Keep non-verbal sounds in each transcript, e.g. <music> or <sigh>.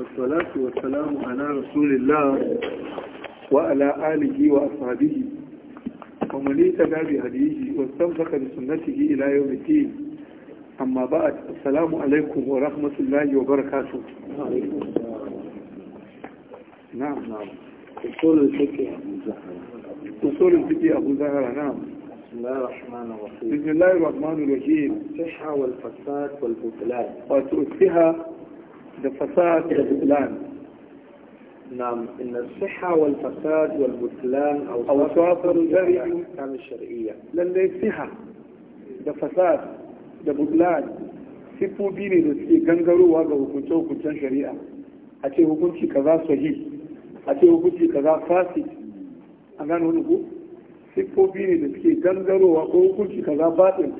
والصلاة والسلام على رسول الله وعلى آله وأصحابه ومن اهتدى بهديه واستمسك بسنته إلى يوم الدين أما بعد السلام عليكم ورحمة الله وبركاته نعم نعم أصول الفقه أبو زهرة أصول الفقه أبو زهرة نعم بسم الله الرحمن الرحيم بسم الله الرحمن الرحيم الصحة والفساد والبطلان وتؤتها الفساد والبطلان نعم إن الصحة والفساد والبطلان أو صواب الجري كان الشرعية لان يصحة الفساد والبطلان في بوديني رسي غنغرو واغا وكنتو وكنتان شريعة أتي وكنتي كذا صحيح أتي وكنتي كذا فاسد أغان هنقو في بوديني رسي غنغرو واغا وكنتي كذا باطل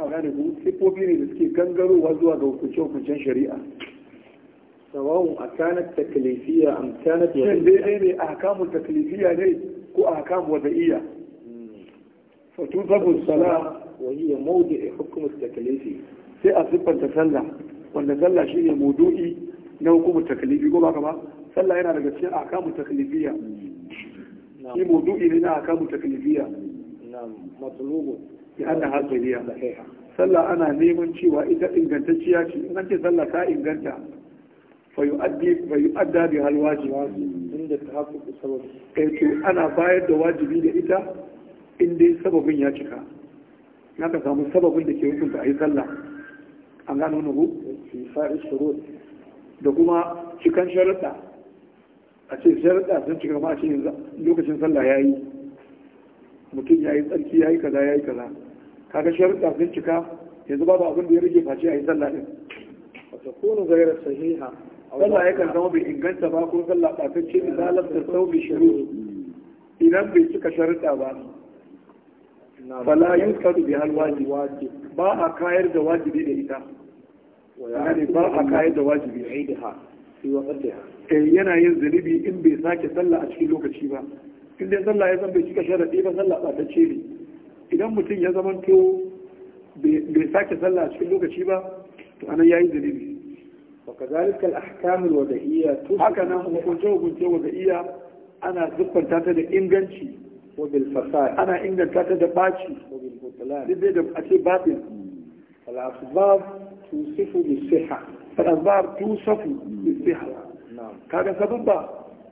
a siffofi ne da suke gangarowa zuwa ga hukuncin-hukuncin shari'a sawawun a kanar taklifiya a kanar wadda shin daidai ne a hakamun taklifiya ne ko a hakamun wata iya hmm. fatu zabu sala ya maudu a hukumar taklifi sai a siffanta sallah wanda sallah ne maudu'i na hukumar taklifi ko baka ba sallah yana daga cikin ahkamu taklifiya hmm. shi mudu'i ne na ahkamu taklifiya bi sallah ana neman cewa ita ingantacciya ce ina ce sallah ta inganta fa yu'addi fa yu'adda eh, to ana bayar da wajibi da ita in dai ya cika na ka samu da ke hukunta ayi sallah an da kuma cikan a ce sharuɗa sun cika ma a lokacin sallah mutum yayi tsarki yayi kaza kaza kaga sharuɗa sun cika yanzu babu abin da ya rage face a yi sallah din wata kunu gaira sahiha sallah kan zama bai inganta ba ko sallah ɓatacce idan lafta sau bi shiru idan bai cika sharuɗa ba fala yunkadu bi hal wajibi ba a kayar da wajibi da ita yani ba a kayar da wajibi aidiha fi waqtiha eh yana yin zunubi in bai sake sallah a cikin lokaci ba in dai sallah ya san bai cika sharadi ba sallah ba ta ce ne idan mutum ya zama to bai sake sallah cikin lokaci ba to anan yayi dalili wa kazalika al-ahkam al-wada'iyya haka nan hukunce hukunce ana zuffanta ta da inganci ana inganta ta da baci wa da a ce batil al asbab tusifu bi sababba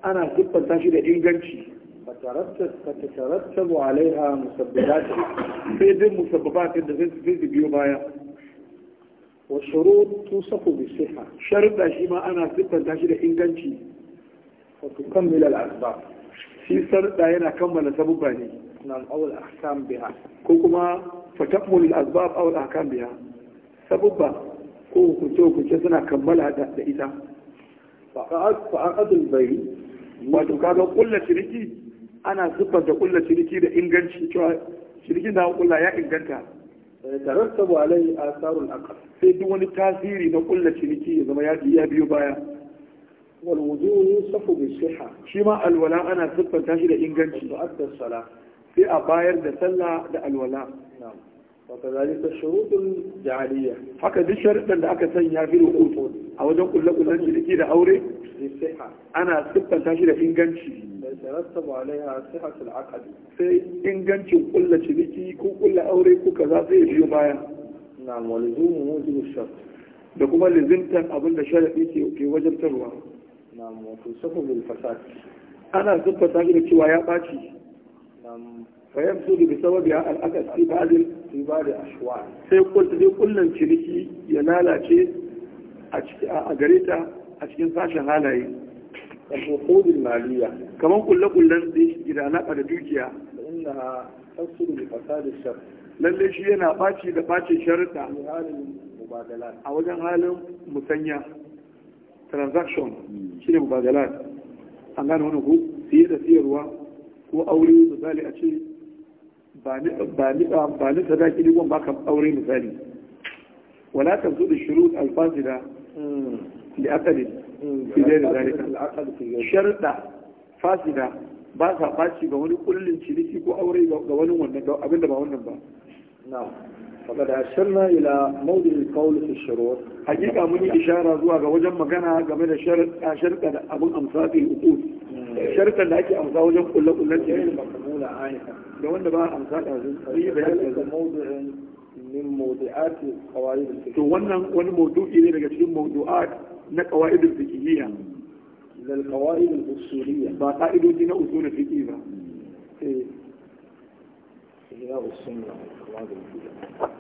ana shi da inganci فتترتب عليها مسببات في دي مسببات التي بيو بايا والشروط توصف بالصحة شرط شيء ما أنا سبب تاشر إنجانشي وتكمل الأسباب في شرط أنا كمل سبباني نعم أو الأحكام بها كوكما فتكمل الأسباب أو الأحكام بها سببا كوكو توكو جزنا كملها تحت إذا فأقض البيت wato kaga kulla ciniki ana da kulla ciniki da inganci cewa cinikin da kulla ya inganta eh, tarattabu alai asarul aqal sai duk wani tasiri na kulla ciniki ya zama ya biyo baya wal wudu yusafu bi sihha shi ma alwala ana siffanta shi da inganci da adda sala sai a bayar da sallah da alwala na'am wa kadhalika shurutul ja'aliyya haka duk sharuɗan da aka sanya fi ruqut a wajen kullakullan ciniki da aure ana siffanta shi da inganci tarattabu alaiha sihhatul aqd sai ingancin kulla ciniki ko kulla aure ko kaza zai biyo baya na'am wa lizumu mujibu shart da kuma lizimtan abin da sharadi ke ke wajabtarwa na'am wa tusafu bil fasad ana zubbata shi da cewa ya baci na'am fa yamsu bi sababi al aqd fi ba'd fi ba'd ashwa sai kullu sai kullan ciniki ya lalace a gare ta a cikin sashen halaye al-uqudul maliya kulle-kullen da na da dukiya innaha tafsiru da fasa da shar lalle shi yana ɓaci da ɓace sharta a wajen halin musanya transaction shi ne mubadalar an gane wani ku siye da siyarwa ko aure misali a ce ba ni sadaki ne ba ka aure misali wala ta zo da shirut alfasida hmm. لأقل في غير ذلك شرطة فاسدة ga wani ciniki ko aure ga ba wannan ba hakika mun ishara zuwa wajen magana game da sharɗa da da ake amsa wajen kullu kullu da wanda ba amsa da min mawdu'ati qawaid al-fiqh to wannan wani mawdu'i ne daga cikin mawdu'at na qawaid al-fiqhiyya lil qawaid al-usuliyya ba qa'idoji na usul al-fiqh ba eh ya usul al-qawaid al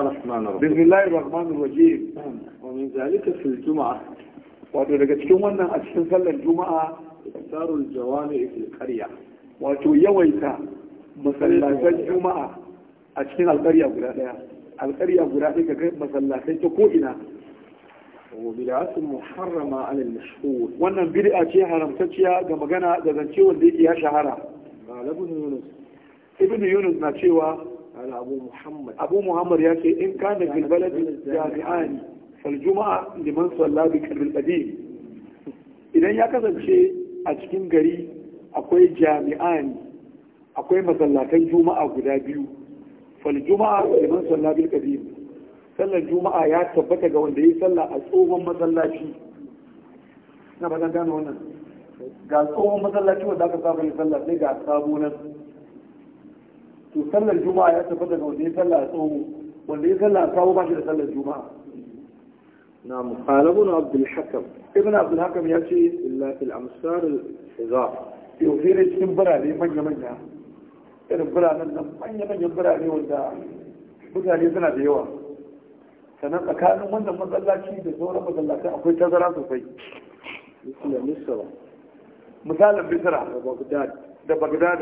الله الرحمن الرحيم بسم الله الرحمن الرحيم ومن ذلك في الجمعة wato daga cikin wannan a cikin sallar juma'a jawami fil qarya wato yawaita masallatan juma'a a cikin alƙarya guda daya alƙarya guda ɗaya ga masallatai ta ko ina wa bid'atun muharrama ala al-mashhur wannan bid'a ce haramtacciya ga magana da zance wanda yake ya shahara ibnu yunus yunus na cewa abu muhammad ya ce in kana fil baladi jami'ani fal juma'a liman salla bi qalbil qadim idan ya kasance a cikin gari akwai jami'ani akwai masallatan juma'a guda biyu fal juma'a liman salla bil qadim sallar juma'a ya tabbata ga wanda yi sallah a tsohon masallaci na ba gano wannan ga tsohon masallaci wanda aka saba yin sallah sai ga sabo nan to الجمعة يا ya tafi daga wanda ya salla tsawo wanda ya salla tsawo نعم قال ابن عبد الحكم ابن عبد الحكم يأتي إلا الأمصار الحزار في وفير اجتن لي من يمنع إن برالي من يمنع من يمنع برالي ودا بزالي يزنى ديوة كانت أكاد من دم من الله شيء بزورة من الله تأخذ تزرات وفي مثل مصر مثال مصر بغداد بغداد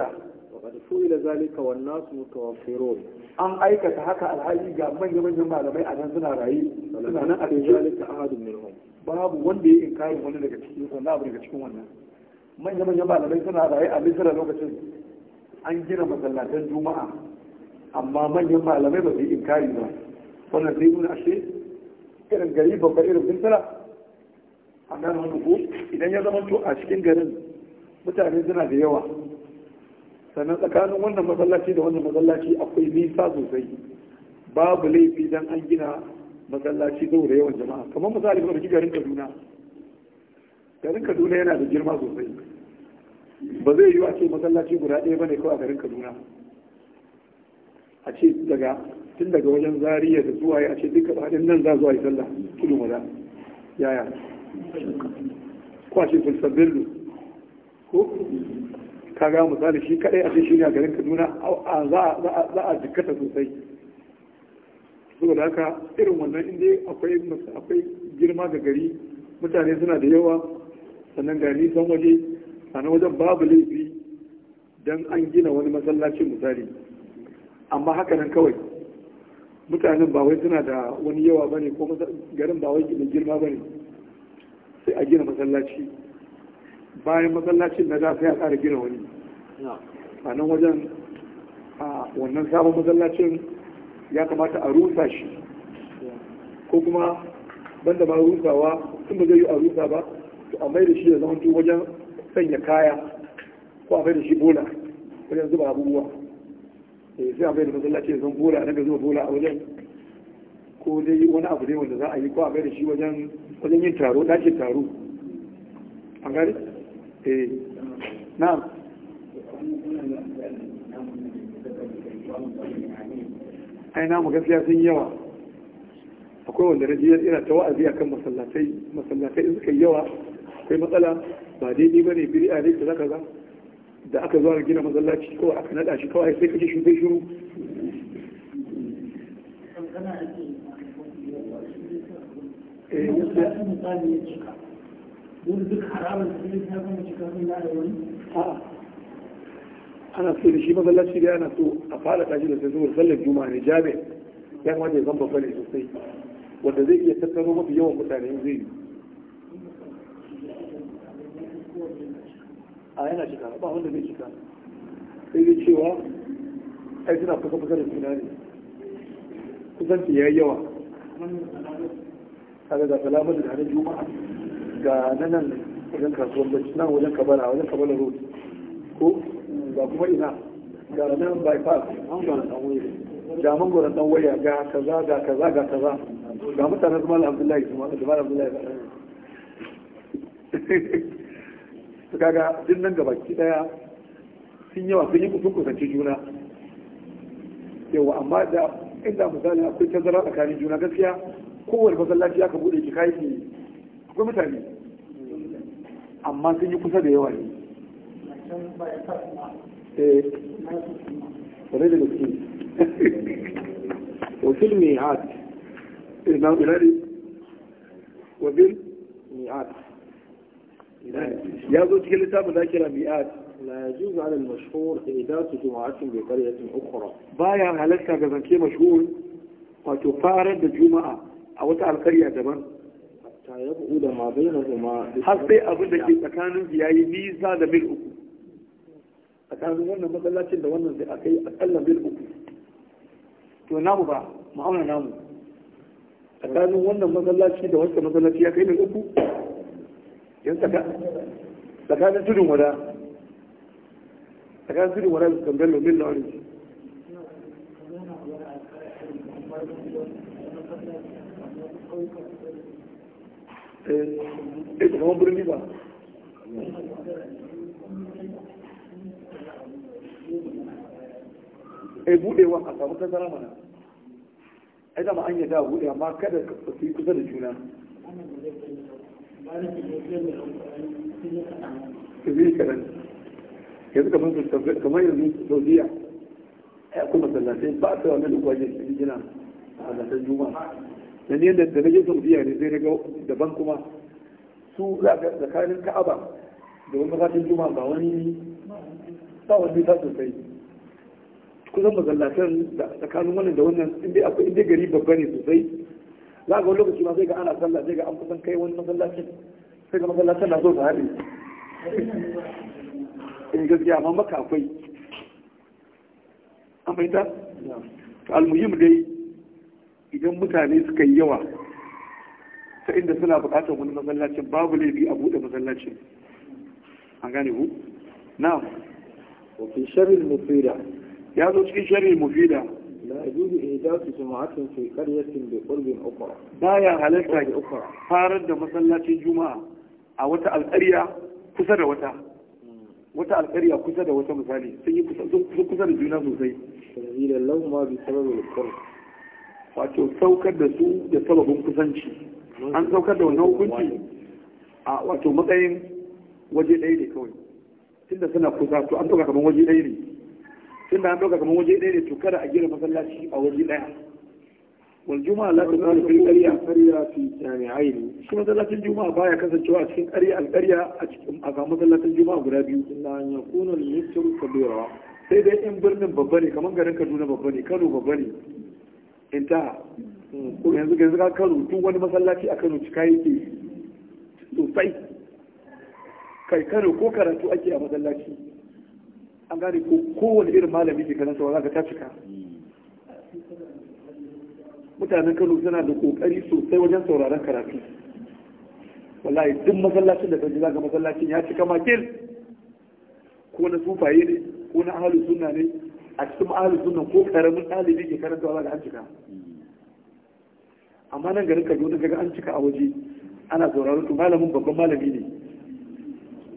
su ila zalika wan nasu mutawaffirun an aikata haka alhaji ga manyan manyan malamai a nan suna rayu suna nan a cikin zalika ahadun minhum babu wanda ya inkari wani daga cikin wannan abu daga cikin wannan manyan manyan malamai suna rayu a misira lokacin an gina masallatan juma'a amma manyan malamai ba su yi inkari ba wannan sai nuna ashe irin gari babba irin misira a nan hannu ko idan ya zama to a cikin garin mutane suna da yawa sannan tsakanin wannan masallaci da wannan masallaci akwai nisa sosai babu laifi dan an gina masallaci da yawan jama'a kamar misali kuma ki garin kaduna garin kaduna yana da girma sosai ba zai yiwu a ce masallaci guda ɗaya bane kawai a garin kaduna a ce daga tun daga wajen zariya da zuwa ya ce duka faɗin nan za zuwa yi sallah tudu maza yaya ko a ce fulsabirlu ko ka ga misali shi kadai a shi ne a garin kaduna za a jikkata sosai saboda haka irin wannan inda akwai girma ga gari mutane suna da yawa sannan ga nisan waje sannan wajen babu laifi don an gina wani masallacin misali amma haka nan kawai mutanen ba wai suna da wani yawa bane ko garin ba wai girma bane sai a gina masallaci bayan masallacin na za su a ƙara gina wani a nan wajen a wannan sabon masallacin ya kamata a rusa shi ko kuma banda ba rusawa tun ba zai yi a rusa ba to a mai da shi ya zama wajen sanya kaya ko a mai da shi bola wajen zuba abubuwa eh, sai a mai da matsalacin ya zama bola a daga zuba bola a wajen ko dai wani abu ne wanda za a yi ko a mai da shi wajen yin taro ɗakin taro a gari eh na'am ai namu gaskiya sun yawa akwai wanda na jiyar ina ta wa'azi akan masallatai masallatai suka yawa akwai matsala ba daidai ba ne biri a ne ta zaka za da aka zuwa gina masallaci kawai aka naɗa shi kawai sai kaji shugai shuru eh wani duk haramun da zai ta gama cikin abin da wani ana so da shi masallaci da ana so a fara tashi da sai zuwa sallar juma'a ne jami'a yan waje ya san babba ne sosai wanda zai iya tattaro mafi yawan mutane zai yi a yana shiga ba wanda zai shiga sai dai cewa ai suna kusa kusa da juna ne kusanci ya yi yawa kaga ga salamar da hannun juma'a ga na nan wajen kasuwar bai nan wajen kabala wajen kabala road ko ga kuma ina ga nan bypass an gwanan dan waya ga man gwanan dan waya ga kaza ga kaza ga kaza ga mutanen Zuma da abdullahi su da abdullahi su <laughs> kaga duk nan gabaki daya sun yawa sun yi kusur kusanci juna yawa amma da inda misali akwai tazara tsakanin juna gaskiya kowane masallaci aka bude ki kai akwai mutane amma sun yi kusa da yawa ne eh da gaske <laughs> wasil mi'at ina ina ne mi'at ya zo cikin littafin da kira mi'at لا يجوز على المشهور إيجاد جمعة بقرية أخرى بايا هلكا كذا مشهور وتفارد الجمعة أو تعال قرية daban. har sai abin da ke tsakanin su yayi nisa da mil uku tsakanin wannan matsalacin da wannan sai aka yi akalla mil uku to namu ba ma'auna namu tsakanin wannan matsalacin da wancan matsalaci ya kai mil uku yan tsakanin tudun wada tsakanin tudun wada su kan bello mil orange Thank you. Eh, eh kamar birni ba eh budewa a samu tazara mana ai dama an yadda bude amma kada ka fi kusa da juna zai karan yanzu kamar su kamar yanzu saudiya ai akwai masallatai ba su wani da kwaje su gina a masallatan juma'a da ne da na je saudiya ne sai na ga daban kuma su za ga tsakanin ka'aba da wani masashin juma ba wani ba wani ta sosai kusan masallatan da tsakanin wannan da wannan inda akwai inda gari babba ne sosai za ga wani lokaci ma sai ga ana sallah sai ga an kusan kai wani masallacin sai ga masallacin na so ta hari in gaskiya amma maka akwai an fahimta al-muhim dai idan mutane suka yi yawa ta inda suna buƙatar wani masallacin babu laifi a buɗe masallacin an gane ku na wafi sharri mufida ya zo cikin sharri mufida la yajuzu ihdathu jama'atin fi qaryatin bi qurbin ukhra ya halatta ga ukhra farar da masallacin juma'a a wata alƙarya kusa da wata hmm. wata alƙarya kusa da wata misali sun yi kusa da juna sosai bi sababil qurb wato saukar da su da sababin kusanci an saukar da wannan hukunci a wato matsayin waje ɗaya ne kawai tunda suna kusa to an ɗauka kamar waje ɗaya ne tunda an ɗauka kamar waje ɗaya ne to kada a gina masallaci a waje ɗaya wal juma'a la tuqalu fil qarya qarya fi aini shi masallacin juma'a baya kasancewa a cikin qarya al qarya a cikin a ga masallacin juma'a guda biyu illa an yakuna al-yusru kabira sai dai in birnin babba ne kamar garin Kaduna babba ne Kano babba ne intaha yanzu yanzu ka kano duk wani masallaci a kano cika yake sosai kai kano ko karatu ake a masallaci an gane ko kowane irin malami ke kanan sawa za ta cika mutanen kano suna da kokari sosai wajen sauraron karatu wallahi duk masallacin da kaji zaka masallacin ya cika makil ko na sufaye ne ko na ahalu sunna ne a cikin ahalin suna ko karamin ɗalibi ke karanta wa da an cika amma nan garin kaduna gaga an cika a waje ana sauraro to malamin babban malami ne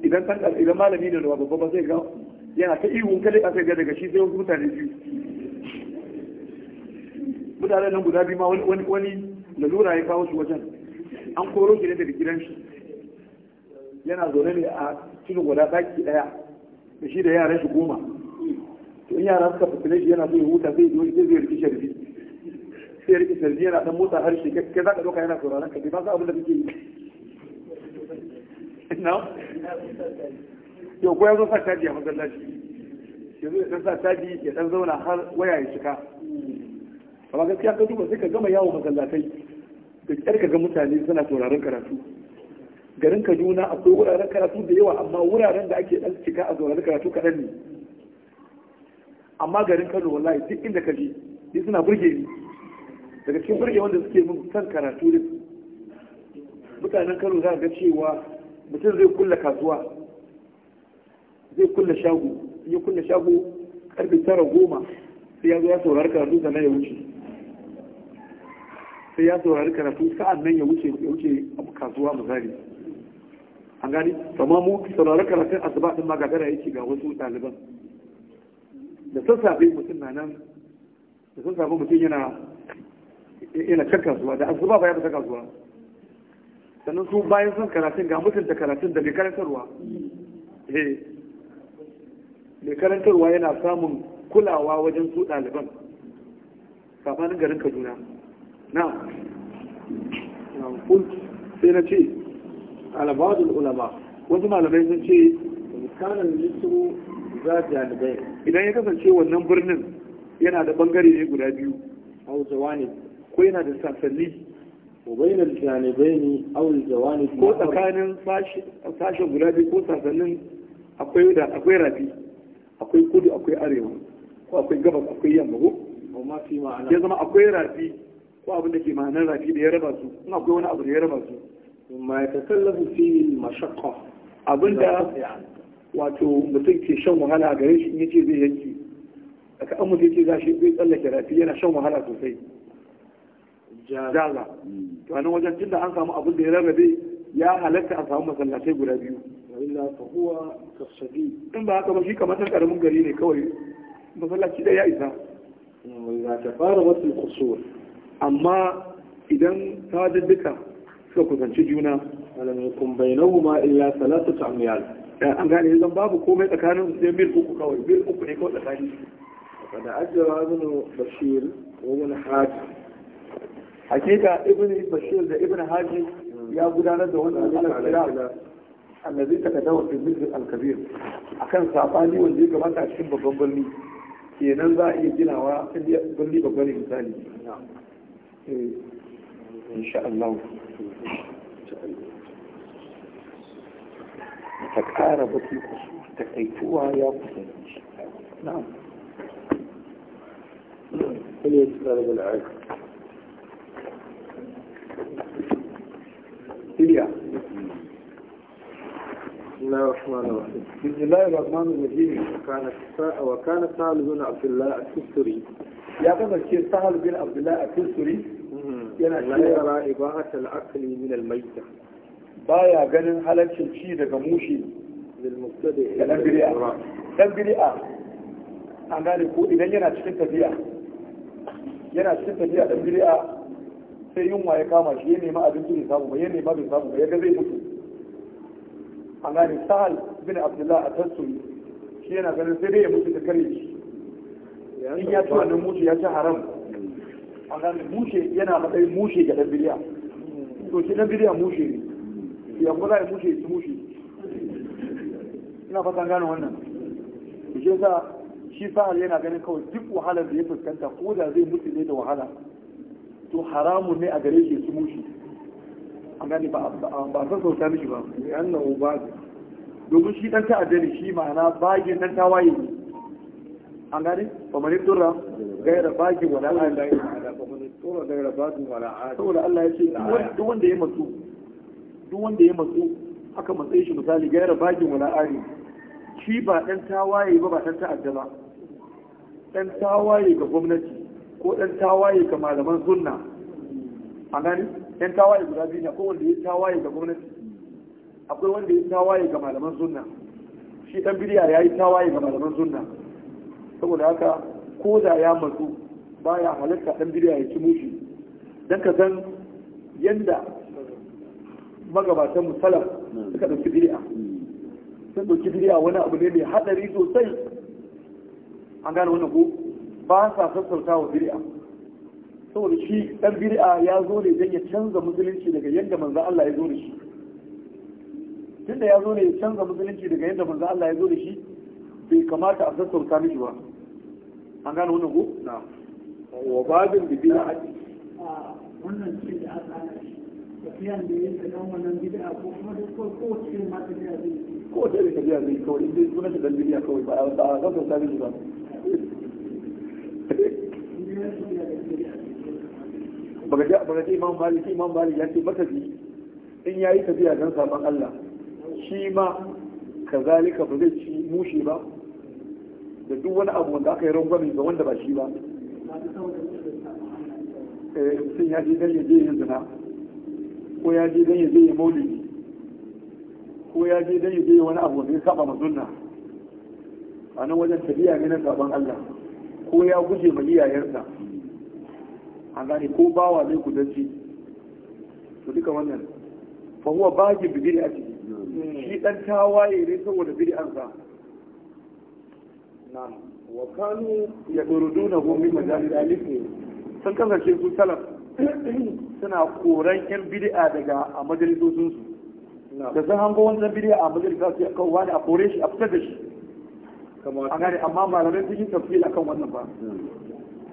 idan idan malami ne da babba ba zai ga yana ta ihun kada aka sai ga daga shi sai wasu mutane biyu mutanen nan guda biyu ma wani wani lalura ya kawo su wajen an koro shi ne daga gidan shi yana zaune ne a cikin guda daki daya da shi da yaran shi goma in yara suka fitile shi yana so ya huta zai zo zai zai riki sharbi sai ya riki sharbi yana dan motsa harshe kai za ka doka yana sauraron ka bai ba su abin da suke yi na yau ko ya zo sa caji a masallaci yanzu ya dan sa caji ya dan zauna har waya ya cika amma gaskiya ka duba sai ka gama yawo masallatai da kyar ka ga mutane suna sauraron karatu garin kaduna akwai wuraren karatu da yawa amma wuraren da ake dan cika a sauraron karatu kaɗan ne amma garin Kano wallahi duk inda ka je ni suna burge ni daga cikin burge wanda suke mun kan karatu din mutanen Kano za ga cewa mutum zai kulla kasuwa zai kulla shago ya kulla shago karfe tara goma sai ya zo ya saurari karatu sannan ya wuce sai ya saurari karatu sa'an nan ya wuce ya wuce kasuwa misali an gani kamar mu saurari karatun asuba magagara yake ga wasu ɗaliban da sassafe mutum na nan da sassafe mutum yana yana can kasuwa da asuba ba ya fita kasuwa sannan su bayan sun karatun ga mutunta karatun da mai karantarwa eh, mai karantarwa yana samun kulawa wajen su ɗaliban safanin garin kaduna na sai na ce alabadul ulama wasu malamai sun ce kanan lissu idan ya kasance wannan birnin yana da bangare ne guda biyu a jawanib ko yana da sasanni wa bainal janibaini a jawanib ko tsakanin sashen guda biyu ko sasannin akwai da akwai rafi akwai kudu akwai arewa ko akwai gabas akwai yamma ko ya zama akwai rafi ko abin da ke ma'anar rafi da ya raba su akwai wani abu da ya raba su ma ya takallafu fi Abin da. wato mutum ke shan wahala a gare shi in yace zai yanki aka an zai ce za shi zai tsallake rafi yana shan wahala sosai jaza to anan wajen tun an samu abin da ya rarrabe ya halatta a samu masallatai guda biyu in ba haka ba shi kamar san ƙaramin gari ne kawai masallaci ɗaya ya isa za ta fara wasu kusur amma idan ta duka suka kusanci juna alam yakun bainahuma illa salatu ta'miyal an gane zan babu komai tsakanin su sai mil uku kawai mil uku ne kawai tsakani kada ajiyar ibn bashir wa ibn haji hakika ibn bashir da ibn haji ya gudanar da wannan alƙalar kira annabi ta kada wa fil al-kabir akan sabani wanda ya gabata a cikin babban birni kenan za a iya ginawa inda birni babban misali eh, insha Allah تتعارض الأصول تكيفوها يا مسلمين نعم هل إليا بسم الله الرحمن الرحيم بسم الله الرحمن الرحيم وكان وكان سهل بن عبد الله الكسري يا قبل كثير سهل بن عبد الله الكسري لا يرى إباحة العقل من الميتة baya ganin halaccin ci daga mushi da ɗan biri'a ɗan biri'a an gane ko idan yana cikin tafiya yana cikin tafiya ɗan biri'a sai yunwa ya kama shi ya nema abinci bai samu ba ya nema bai samu ba ya ga zai mutu an gane sahal bin abdullah a tattun shi yana ganin sai dai ya mutu da kare shi in ya ci wannan mushi ya ci haram an gane mushe yana matsayin mushe ga ɗan biri'a to shi ɗan biri'a mushe ne ya kuma za a mushe su mushe ina fatan gane wannan da shi yasa shi sahal yana ganin kawai duk wahalar da ya fuskanta ko da zai mutu ne da wahala to haramun ne a gare shi su mushe an gane ba a san sauta mishi ba yan na uba domin shi dan ta'adda ne shi ma'ana bagin dan tawaye ne an gane ba mani turra gaira bagin wala ala saboda Allah ya ce duk wanda ya matsu duk wanda ya matsu aka matsayi shi misali gaira bagin wala ari shi ba ɗan tawaye ba ba ta ta'adda ba ɗan tawaye ga gwamnati ko ɗan tawaye ga malaman sunna a gani ɗan tawaye guda biyu ne ko wanda ya tawaye ga gwamnati akwai wanda ya tawaye ga malaman sunna shi ɗan bidiya ya yi tawaye ga malaman sunna saboda haka ko da ya matsu baya halatta ɗan bidiya ya ci mushi don ka san yanda magabatan musalam suka ɗauki bid'a sun ɗauki bid'a wani abu ne mai haɗari sosai an gane wannan ko ba sa sassauta wa bid'a saboda shi ɗan bid'a ya zo ne don ya canza musulunci daga yadda manzo Allah ya zo da shi tunda ya zo ne ya canza musulunci daga yadda manzo Allah ya zo da shi bai kamata a sassauta mishi ba an gane wannan ko na wa babin bid'a wannan ce da aka tafiyan da ya tsakan wannan bid'a ko kuma duk ko ce ma tafiya zai ko ce da tafiya zai kawai in dai sunan shi dan bid'a kawai ba a ba ka sani ba <laughs> baka ji baka ji imam malik imam malik ya ce maka bi in yayi tafiya dan saban Allah shi ma kazalika ba zai ci mushi ba da duk wani abu wanda aka yi rangwame ga wanda ba shi ba sun eh, ya je dan ya yin zina ko ya je dan ya je ya ko ya je dan ya je wani abu ne kaba saba a nan wajen tafiya ne na saban Allah ko ya guje ma iyayensa a gani ko bawa zai kudanci to duka wannan fa huwa baji bi a ciki shi dan tawaye ne saboda bid'ansa na'am wa kanu yaduruduna hum min majalis alif sun kasance su salaf <clears throat> suna koran yan bid'a daga a su da sun hango wancan bid'a a majalisa su kan wani a kore shi a fitar da shi a gane amma malamai sun yi a akan wannan ba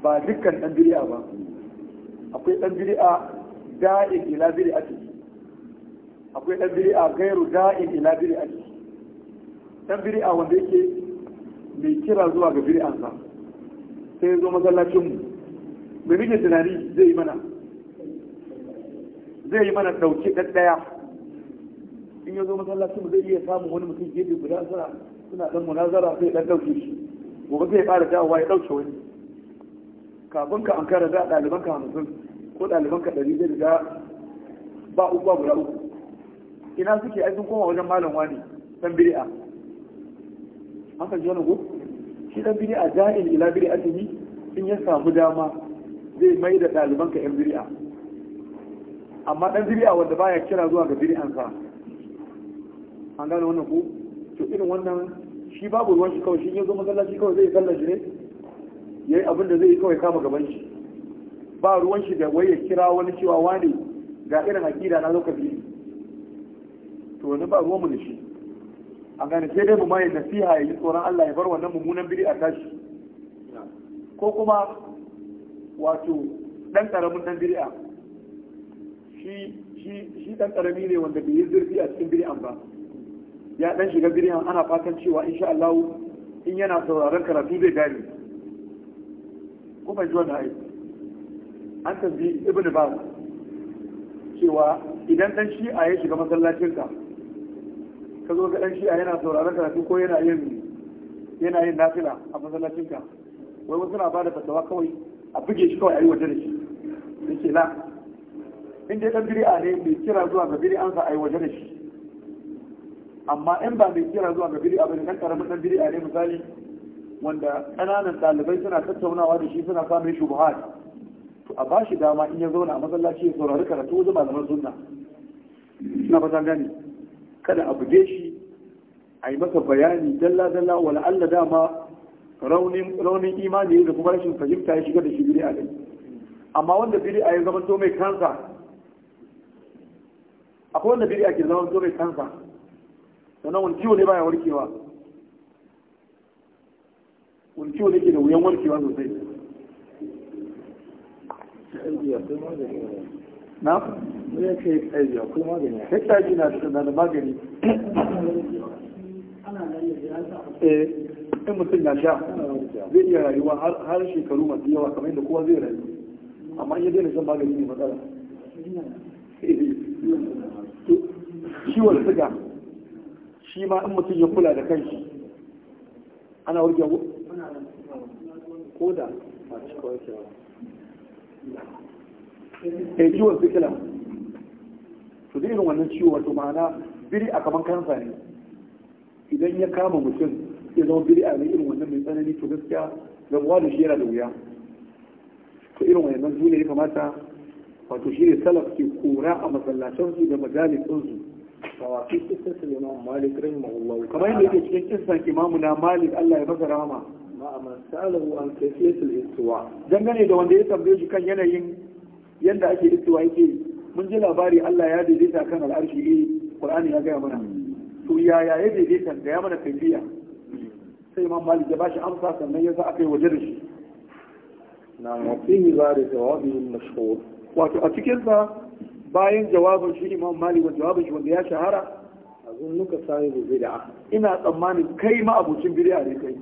ba dukkan dan bid'a ba akwai dan bid'a da'in ila ce akwai dan bid'a gairu da'in ila ce dan bid'a wanda yake mai kira zuwa ga bid'ansa sai zo masallacin mu me muke tunani zai yi mana zai yi mana ɗauki ɗaya. in ya zo masallaci mu zai iya samun wani mutum gefe guda zara suna ɗan munazara sai ɗan ɗauke shi gobe zai ƙara dawowa ya ɗauke wani kafin ka an kara za a ɗaliban ka hamsin ko ɗaliban ka ɗari zai riga ba uku ba guda uku ina suke ai sun koma wajen malam wani ɗan biri'a an kan ji wani ko shi ɗan biri'a jahil ila biri'a yi in ya samu dama zai mai da ɗaliban ka 'yan biri'a amma dan bid'a wanda baya kira zuwa ga bid'an sa an gane wannan ku to irin wannan shi babu ruwan shi kawai shi yanzu masallaci kawai zai sallar shi ne yayi abin da zai yi kawai kama gaban shi ba ruwan shi da waye kira wani cewa wani ga irin akida na zo ka to wani ba ruwan mu da shi an gane sai dai mu mai nasiha ya yi tsoron Allah ya bar wannan mummunan bid'a tashi ko kuma wato dan karamin dan bid'a shi dan karami ne wanda bai yi zurfi a cikin bid'an ba ya dan shiga bid'an ana fatan cewa insha Allah in yana sauraron karatu zai gane kuma ji wannan ai an tambayi ibnu ba cewa idan dan a ya shiga masallacin ka ka zo ga dan a yana sauraron karatu ko yana yin yana yin nafila a masallacin ka wai wasu na bada fatawa kawai a buge shi kawai a yi wajen da shi yake la in dai dan bid'a ne mai kira zuwa ga an sa ai waje da shi amma in ba mai kira zuwa ga bid'a ba dan karamin dan bid'a ne misali wanda kananan dalibai suna tattaunawa da shi suna samun shubuhat to a ba shi dama in ya zauna a masallaci ya saurari karatu wajen malaman sunna ina san gani kada a buge shi a yi masa bayani dalla dalla wala Allah dama raunin raunin imani da kuma rashin fahimta ya shiga da shi bid'a ne amma wanda a ya zama to mai kansa akwai wanda bid'a ke zama zo mai kansa sannan wani ciwo ne baya warkewa wani ciwo ne ke da wuyan warkewa sosai na? ya ce hiv akwai magani hiv na da magani eh in mutum na sha zai iya rayuwa har shekaru masu yawa kamar yadda kowa zai rayu amma in ya daina shan magani ne matsala <laughs> ciwon siga shi ma in mutum ya kula da kanshi ana warke koda da ba ci kawai ke ciwon sikila su da irin wannan ciwo wato ma'ana biri a kaman kansa ne idan ya kama mutum ya zama biri a ne irin wannan mai tsanani to gaskiya rabuwa da shi yana da wuya to irin wannan zuwa ya kamata wato shi ne salaf ke kora a masallacensu da majalisunsu fi kisar imam malik kamar yadda yake cikin kisan imamu na malik Allah ya basa rama. ma'aman salahu an kaifiyatul istiwa dangane da wanda ya tambaye shi kan yanayin yadda ake istiwa yake mun ji labari Allah ya daidaita kan al'arshi eh Qur'ani ya gaya mana to yaya ya daidaita da ya mana kaifiya sai imam malik ya bashi amsa sannan ya sa aka yi waje da shi na mafi mashhur wato a cikin sa bayan jawabin shi imam Mali wanda jawabin shi wanda ya shahara a sai da bid'a ina tsammanin kai ma abucin bid'a ne kai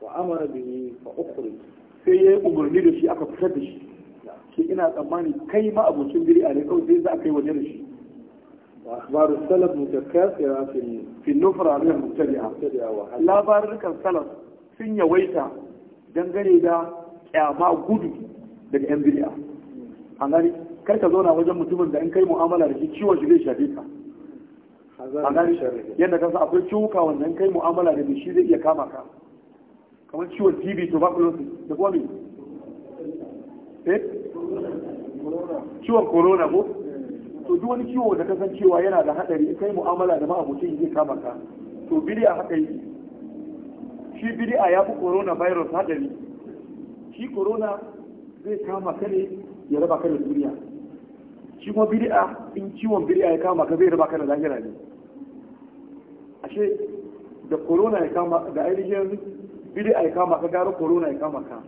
wa amara bi fa ukhrij sai ya umarni da shi aka fitar da shi shi ina tsammanin kai ma abucin bid'a ne kawai sai za ka yi waje da shi akhbaru salaf متكاثرة fi fi nufra من المبتدعة لا بارك salaf sun yawaita dangane da kyama gudu daga 'yan bid'a an gani kar ka zauna wajen mutumin da in kai mu'amala da shi ciwon shi zai shafe ka yadda kasa akwai ciwuka wanda in kai mu'amala da shi zai iya kama ka kamar ciwon tb tuberculosis da kuma mai eh? ciwon corona ko to duk wani ciwo da cewa yana da hadari in kai mu'amala da ma'abucin zai kama ka to bidi'a haka yi shi bidi'a ya fi corona virus hadari shi corona zai kama ka ne ya raba ka da duniya shi kuma bid'a in ciwon bid'a ya kama ka zai raba ka da lahira ne ashe da corona ya kama da ainihin bid'a ya kama ka gara corona ya kama ka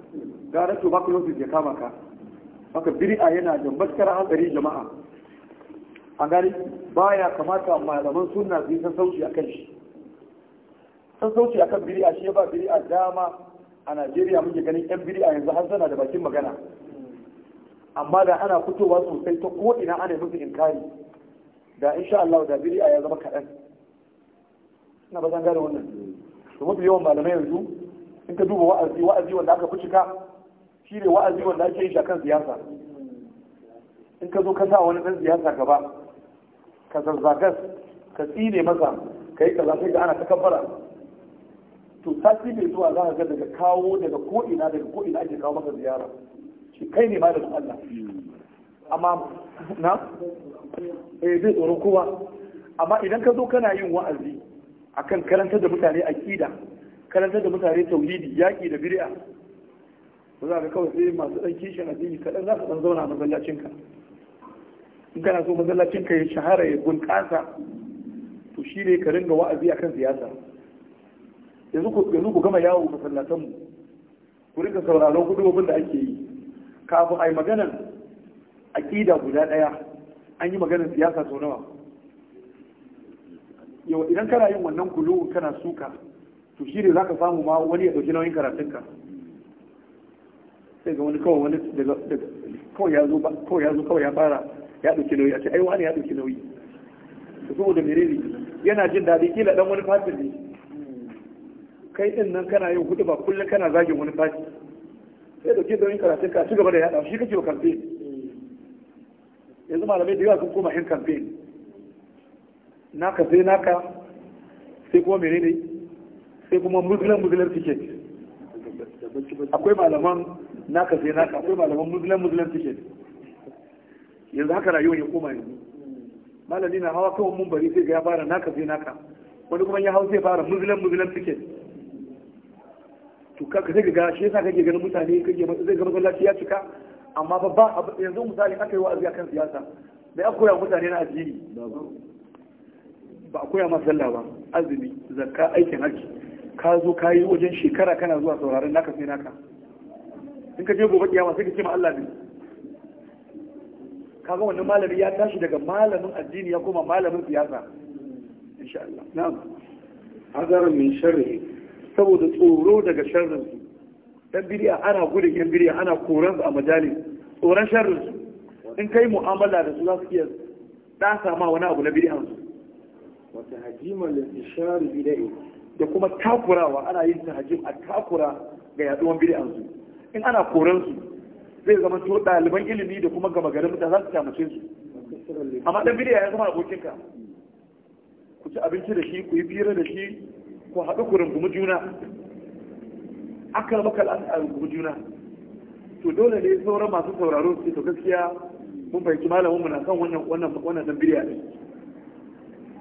gara tuberculosis ya kama ka haka bid'a yana da maskara hatsari jama'a an gani baya kamata malaman sunna su yi sauci a kan shi a akan bid'a shi ya ba bid'a dama a Najeriya muke ganin yan bid'a yanzu har zana da bakin magana amma da ana fitowa sosai ta ko ina ana musu inkari da in sha Allah da a ya zama kaɗan ina ba zan gane wannan to mafi yawan malamai yanzu in ka duba wa'azi wa'azi wanda aka fi cika shi ne wa'azi wanda ake yi shi kan siyasa in ka zo ka sa wani ɗan siyasa gaba ka zazzagas ka tsine masa ka yi kaza sai ga ana ta kabbara to sati mai zuwa za ka ga daga kawo daga ko'ina daga ko'ina ake kawo masa ziyara shi kai ne malamin Allah amma na eh zai tsoron kowa amma idan ka zo kana yin wa'azi akan karantar da mutane aqida karantar da mutane tauhidi yaki da bid'a ba za ka kawai sai masu dan kishin addini kadan za ka ɗan zauna a masallacin ka in kana so masallacin ka ya shahara ya bunƙasa to shine ka ringa wa'azi akan siyasa yanzu ku gama yawo masallatan mu ku ringa sauraron gudunmawar da ake yi kafin a yi a aƙida guda ɗaya an yi maganar siyasa sau nawa yau idan kana yin wannan kulun kana suka to shi ne za ka samu ma wani ya ɗauki nauyin karatunka sai ga wani kawai wani kawai ya zo kawai ya fara ya ɗauki nauyi a ce aiwa ne ya ɗauki nauyi to saboda menene yana jin daɗi kila ɗan wani fatin ne kai ɗin nan kana yin hudu ba kullum kana zagin wani fatin sai dauke da yin karatun ka ci gaba da yaɗa shi kake wa kamfe yanzu malamai da yawa sun koma yin kamfe naka sai naka sai kuma menene sai kuma muzulan muzulan ticket akwai malaman naka sai naka akwai malaman muzulan muzulan ticket yanzu haka rayuwar ya koma yanzu malami na hawa kawai mun bari sai ga ya fara naka sai naka wani kuma ya hau sai fara muzulan muzulan ticket to ka sai ga shi yasa kake ganin mutane kake zai ga masallaci ya cika amma babba yanzu misali aka yi wa wa'azi kan siyasa bai aka koya mutane na addini ba a koya masa sallah ba azumi zakka aikin haji ka zo ka yi wajen shekara kana zuwa sauraron naka sai naka in ka je gobe kiyama sai ka ce ma Allah ne kaga wannan malami ya tashi daga malamin addini ya koma malamin siyasa insha Allah na'am hadarin min sharri saboda tsoro daga sharrinsu ɗan biriya ana gudun yan biriya ana koransu a majalis tsoron sharrinsu in kai mu'amala da su za su iya ɗasa ma wani abu na biriyansu wata hajjima da isharu bidai da kuma takurawa ana yin ta hajim a takura ga yaduwan biriyansu in ana koransu zai zama to ɗaliban ilimi da kuma gama garin da za su kyamace su amma ɗan biriya ya zama abokinka ku ci abinci da shi ku yi fira da shi ku haɗu ku rungumi juna aka maka a rungumi juna to dole ne sauran masu sauraro su to gaskiya mun fahimci malamin mu na kan wannan wannan wannan dan bidiya ne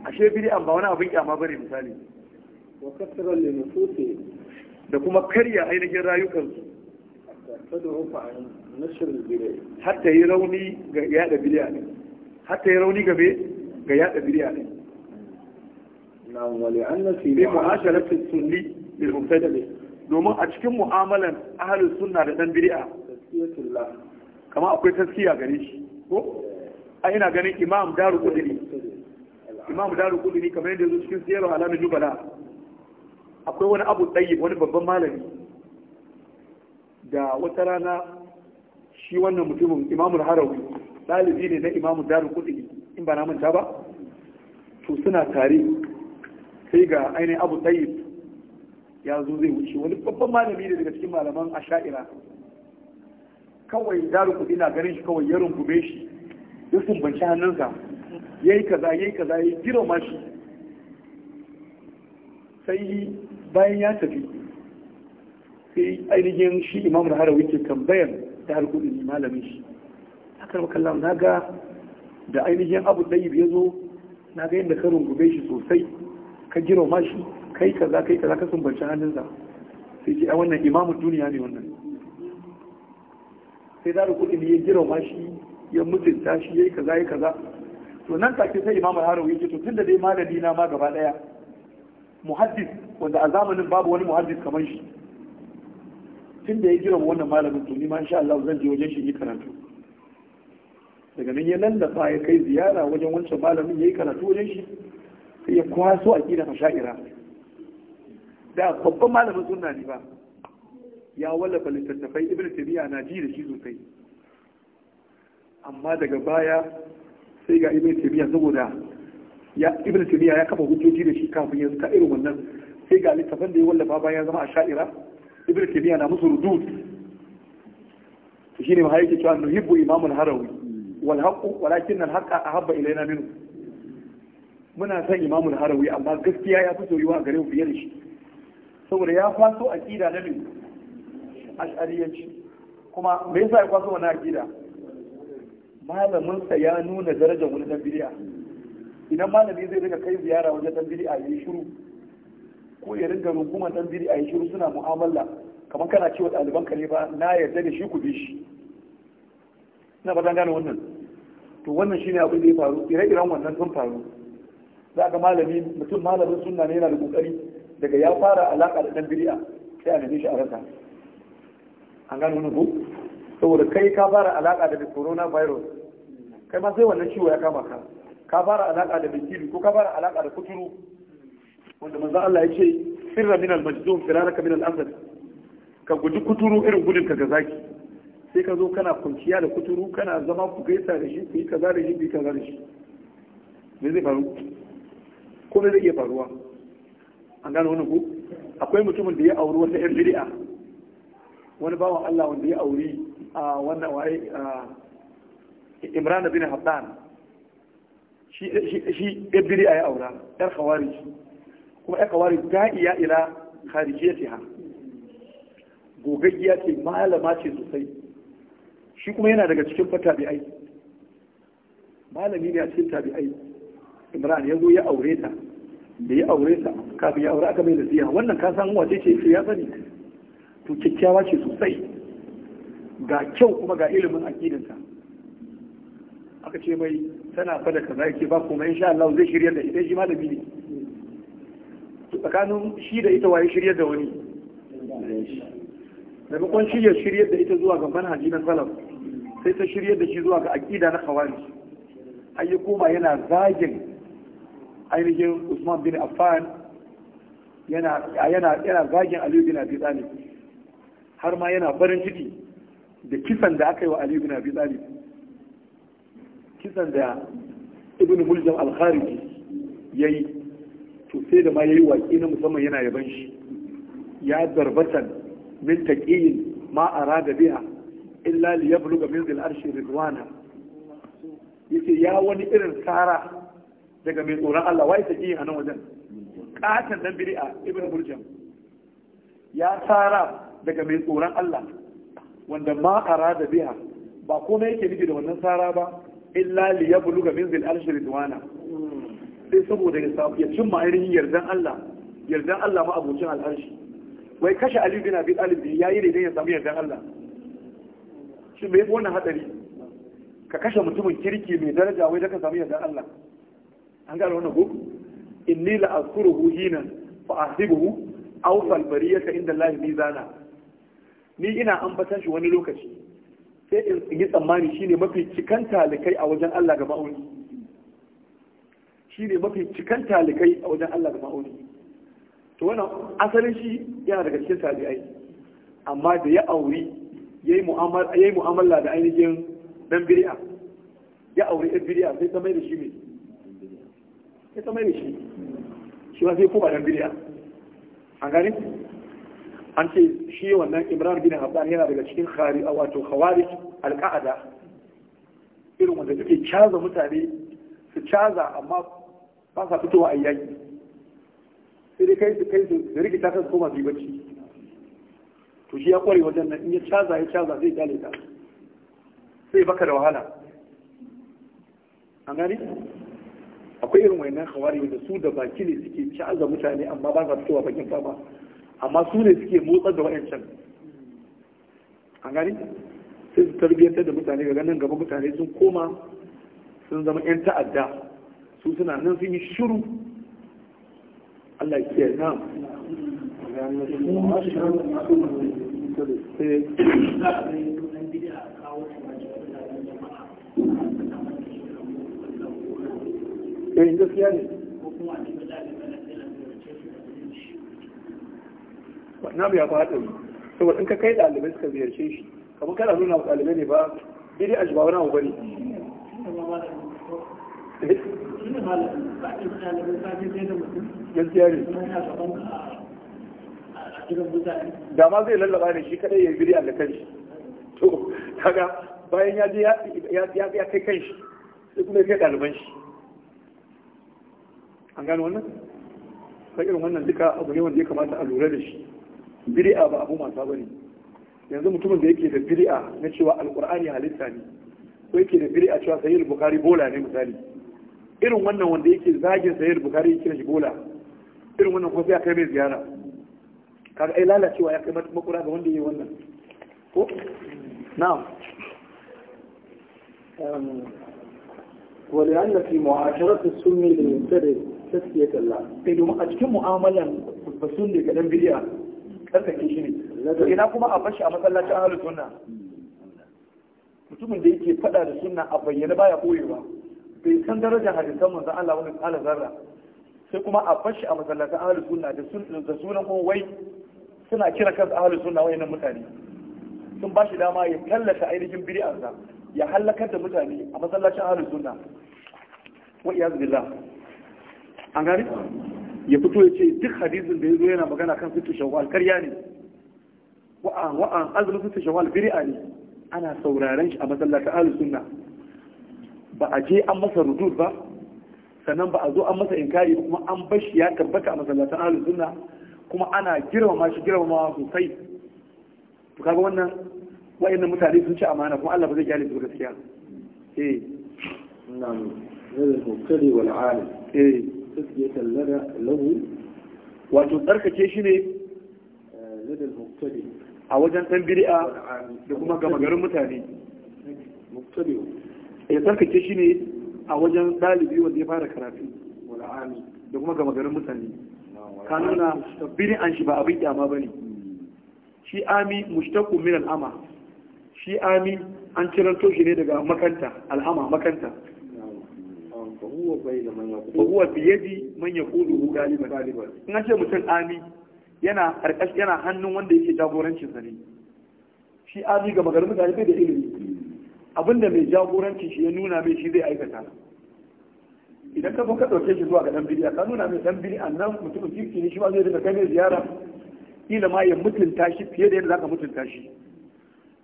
ashe bidiya ba wani abin kyama bane misali wa kasran li nufusi da kuma karya ainihin su hatta yi rauni ga yada bidiya ne hatta yi rauni ga ga yada bidiya ne na'am wa li'anna fi mu'asharati sunni domin a cikin mu'amalan ahlus sunna da ɗan bid'a kama akwai taskiya gare shi ko a ina ganin imam daru kudiri imam daru kudiri kamar yadda yanzu cikin siyarwa alamin jubala akwai wani abu tsayi wani babban malami da wata rana shi wannan mutumin imamul harawi ɗalibi ne na imamu daru kudiri in ba na ta ba to suna tare sai ga ainihin abu tsayi ya zo zai wuce wani babban malami ne daga cikin malaman asha'ira kawai daru kuɗi na ganin shi kawai ya rungume shi ya sumbanci hannunsa ya yi kaza ya yi kaza ya jira ma shi sai bayan ya tafi sai ainihin shi imam da harawa yake tambayar da harkudin malamin shi haka da kallon na ga da ainihin abu ɗayi ya zo na ga yadda ka rungume shi sosai ka giro mashi kai kaza kai kaza ka sumbanci hannunsa sai ce a wannan imamun duniya ne wannan sai da kudi ne ya giro mashi ya mutunta shi yayi kaza yayi kaza to nan take sai imamu harawi yake to tunda dai magani na ma gaba daya muhaddis wanda a zamanin babu wani muhaddis kamar shi tun da ya jira wannan malamin to ni ma insha Allah zan je wajen shi yi karatu daga nan ya lallafa ya kai ziyara wajen wancan malamin yayi karatu wajen shi sai ya kwaso a ƙi da mashaira da babban malamin sunna ne ba ya wallafa littattafai ibn tabiya na ji da shi sosai amma daga baya sai ga ibn tabiya saboda ya ibn tabiya ya kafa hujjoji da shi kafin ya ka irin wannan sai ga littafan da ya wallafa bayan zama a sha'ira ibn tabiya na musu rudud shi ne ma yake cewa nuhibbu imamul harawi wal haqq walakin al haqqa ahabba ilayna minhu muna son imamul harawi amma gaskiya ya fi soyuwa gare mu fiye da shi saboda ya kwaso aqida na min ash'ariyanci kuma me yasa ya kwaso wani aƙida? malamin sa ya nuna darajar wani dan bidiya idan malami zai daga kai ziyara wajen dan ya yayi shiru ko ya ringa rungumar dan bid'a yayi shiru suna mu'amala kamar kana cewa ɗaliban ka ne ba na yarda da shi ku bi shi ina ba gane wannan to wannan shine abin da ya faru ire-iren wannan sun faru za ga malami mutum malamin sunna ne yana da kokari daga ya fara alaka da dan bid'a sai a nemi shi a rasa an gano wani ko saboda kai ka fara alaka da corona virus kai ma sai wannan ciwo ya kama ka ka fara alaka da bikini ko ka fara alaka da kuturu wanda manzo Allah ya ce sirra min al-majzum firaraka min al-asad ka guji kuturu irin gudun ka ga zaki sai ka zo kana kunciya da kuturu kana zama ku gaisa da shi ku yi kaza da shi ku yi kaza da shi me zai faru komai zai iya faruwa an gano wani ku akwai mutumin da ya auri wata yan bid'a wani bawan Allah wanda ya auri a wannan waye Imran bin Hassan shi shi yan bid'a ya aura yar khawarij kuma yar khawarij da'iya ila kharijiyatiha gogaggiya ce malama ce sosai shi kuma yana daga cikin fatabi'ai malami ne a cikin tabi'ai imran ya zo ya aure ta da ya aure ta kafin ya aure aka mai siya wannan ka san wace ce ya sani to kyakkyawa ce sosai ga kyau kuma ga ilimin aƙidinta aka ce mai tana fada kaza yake ba kuma insha Allah zai shirya da ita shi malami ne to tsakanin shi da ita waye shirya da wani maimakon shi ya shirya da ita zuwa ga manhaji na salaf sai ta shirya da shi zuwa ga aƙida na khawarij ai ya koma yana zagin ainihin usman bin affan yana zagin aliyu bin abi har ma yana farin ciki da kisan da aka yi wa aliyu bin abi kisan da ibn muljam al-khariji yi to sai da ma ya yi waƙi na musamman yana yaban shi ya zarbatan min taƙiyin ma arada biya illa li yabluga min dhil arshi ridwana yace ya wani irin tsara daga mai tsoron Allah wai ta a nan wajen katon dan bid'a ibn burjan ya tsara daga mai tsoron Allah wanda ma da biha ba komai yake nufi da wannan tsara ba illa li yabluga minzil arshi ridwana sai saboda ya cimma ainihin yardan Allah yardan Allah ma abocin al'arshi wai kashe Ali bin Abi Talib ya yi ne ya samu yardan Allah me mai wannan hadari ka kashe mutumin kirki mai daraja wai da ka samu yardan Allah an gane wannan ko inni la azkuruhu hina fa ahsibuhu aw fal bariyata inda Allah mizana ni ina ambatan shi wani lokaci sai in yi tsammani shine mafi cikan talikai a wajen Allah ga ma'auni shine mafi cikan talikai a wajen Allah ga ma'auni to wannan asalin shi yana daga cikin tabi'ai amma da ya auri yayi mu'amala yayi mu'amala da ainihin dan bid'a ya auri ɗan bid'a sai ta mai da shi mai ya zama shi shi ba sai kuma da bidiya an gani an ce shi wannan imran bin habban yana daga cikin khari wato khawarij alqa'ada irin wanda suke caza mutane su caza amma ba sa fitowa a yaki sai dai kai su kai su da rikita ta koma su bacci to shi ya kware wajen nan in ya caza ya caza zai dale sai baka da wahala an gani akwai irin wayannan hawari da su da baki ne suke caza mutane amma ba za su fitowa bakin fama amma su ne suke motsa da wayancan an gani sai su tarbiyyantar da mutane ga ganin gaba mutane sun koma sun zama yan ta'adda su suna nan sun yi shiru Allah ya kiyaye na eh gaskiya ne wannan abu ya fi haɗari saboda in ka kai ɗalibai suka ziyarce shi kamar kana nuna wa ɗalibai ne ba daidai a jibawa na abu bane eh? gaskiya ne da ma zai lallaba ne shi kadai ya yi biri da kanshi to kaga bayan ya je ya kai kanshi sai kuma ya kai ɗaliban shi an gano wannan sai irin wannan duka abu ne wanda ya kamata a lura da shi Biri'a ba abu masu bane yanzu mutumin da yake da biri'a na cewa alqur'ani halitta ne ko yake da biri'a cewa da bukhari bola ne misali irin wannan wanda yake zagin sahih bukhari yake kira shi bola irin wannan ko sai kai mai ziyara kaga ai lalacewa ya kai makura ga wanda yi wannan ko na'am ولأن في معاشرة السنة للمبتدئ taskiya talla kai domin a cikin mu'amalan basun ne ga bidiya tsarkake shi ne to ina kuma a bashi a masallacin ahlus sunna mutumin da yake fada da sunna a bayyana baya koyewa bai san darajar hadisan manzo Allah wani kala zarra sai kuma a bashi a masallacin ahlus sunna da sunan ko wai suna kira kansu ahlus sunna wayannan mutane sun bashi dama ya tallata ainihin bid'arsa ya halakar da mutane a masallacin ahlus sunna wa iyaz billah an gani ya fito ya ce duk hadisin da ya zo yana magana kan sittu shawwal karya ne wa'an wa'an azumin sittu shawwal biri'a ne ana sauraren shi a masallata ahli sunna ba a je an masa rudud ba sannan ba a zo an masa inkari kuma an shi ya tabbata a masallatan ahli sunna kuma ana girmama shi girmamawa sosai to kaga wannan wayannan mutane sun ci amana kuma Allah ba zai kyale su gaskiya eh na'am ko kokari wal alim eh tasbiyata lahu wato tsarkake shi ne eh, ladal muqtadi a wajen dan bid'a da kuma gama garin mutane muqtadi ya tsarkake shi ne a wajen ɗalibi wanda ya fara karatu da kuma gama garin mutane ka nuna bid'an shi ba abin kyama ne. shi ami mushtaqu min al'ama shi ami an ciranto shi ne daga makanta al'ama makanta huwa biyadi man yaqulu ghaliban in ace ce mutum ami yana karkashi yana hannun wanda yake jagorancin sa ne shi ami ga magarin mutane bai da ilimi abinda mai jagorancin shi ya nuna mai shi zai aikata idan ka ka ɗauke shi zuwa ga dan biriya ka nuna mai dan biriya nan mutum kifi ne shi ba zai daga kai mai ziyara kila ma ya mutunta shi fiye da yadda zaka mutunta shi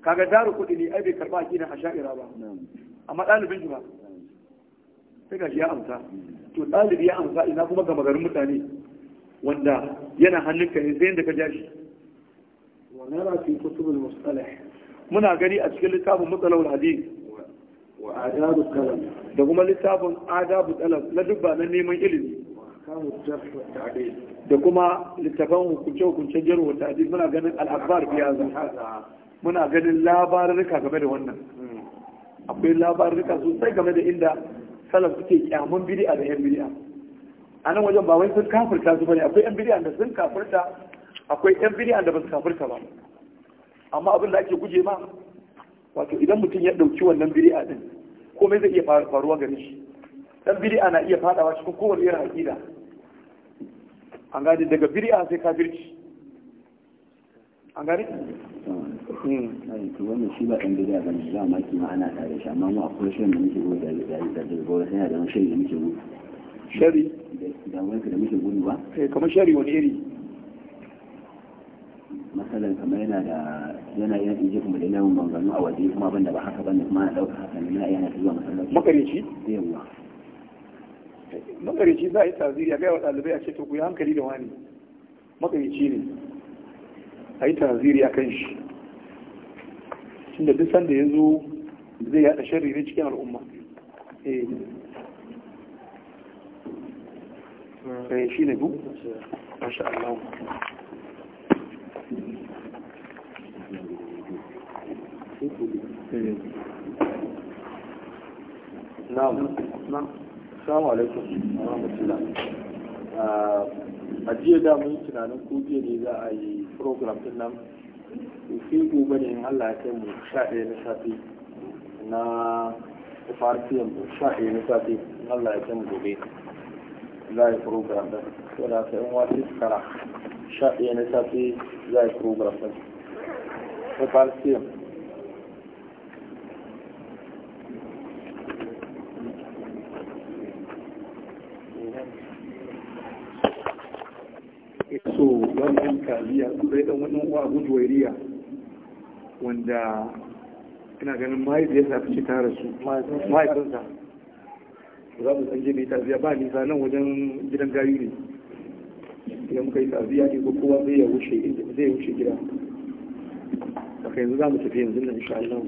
kaga daru kudi ne ai bai karɓa a sha'ira ba amma ɗalibin shi ba sai gashi ya amsa to ɗalibi ya amsa ina kuma gama garin mutane wanda yana hannun ka ne sai yadda ka ja shi wanara fi kutubul mustalah muna gani a cikin littafin mutsalawul hadis wa adabu kalam da kuma littafin adabu kalam na dubba ba na neman ilimi da kuma littafan hukunce hukuncen jarwa ta hadis muna ganin al'abbar fi yanzu muna ganin labarin labarurka game da wannan hmm. akwai labarin labarurka sosai game da inda salaf suke kyaman bid'a da yan bid'a a nan wajen ba wai sun kafirta su bane akwai yan bid'a da sun kafirta akwai yan bid'a da ba su kafirta ba amma abin da ake guje ma wato idan mutum ya dauki wannan bid'a din komai zai iya faruwa gare shi dan bid'a na iya fadawa cikin kowace irin aqida an gane daga bid'a sai kafirci an gane Hmm, to wannan shi ba ɗan gida ba ne za ma kima ana tare shi amma mu akwai shirin da muke goyi da da da goyi sai da wani shirin da muke goyi shari da wani da muke goyi ba eh kamar shari wani iri masalan kama yana da yana yin inji kuma da yana yin bangano a waje kuma abin da ba haka bane kuma na ɗauka haka ne yana yana zuwa masallaci makareci yawa makareci za a yi taziri a gaya wa ɗalibai a ce to ku yi hankali da wani makareci ne a yi taziri a kan shi tunda duk sanda ya zo zai yada sharri ne cikin al'umma eh, eh shi ne bu masha Allah na'am na'am assalamu alaikum wa rahmatullah ah, a jiya da mun tunanin ko jiya ne za a yi program din nan sai gobe ne in Allah ya kai mu sha ɗaya na safe na farfiyan mu sha ɗaya na safe Allah ya kai mu gobe za a yi program ɗin to da ka yan wasu kara sha ɗaya na safe za a yi program ɗin na farfiyan so wannan kaziya sai dan wani uwa abu juwairiya wanda ina ganin ya ta ce ta rasu mahaifinsa za mu san jini kaziya ba ni nan wajen gidan gayu ne idan muka yi taziya ne ko kowa zai ya wuce zai wuce gida haka yanzu za mu tafi yanzu nan insha Allah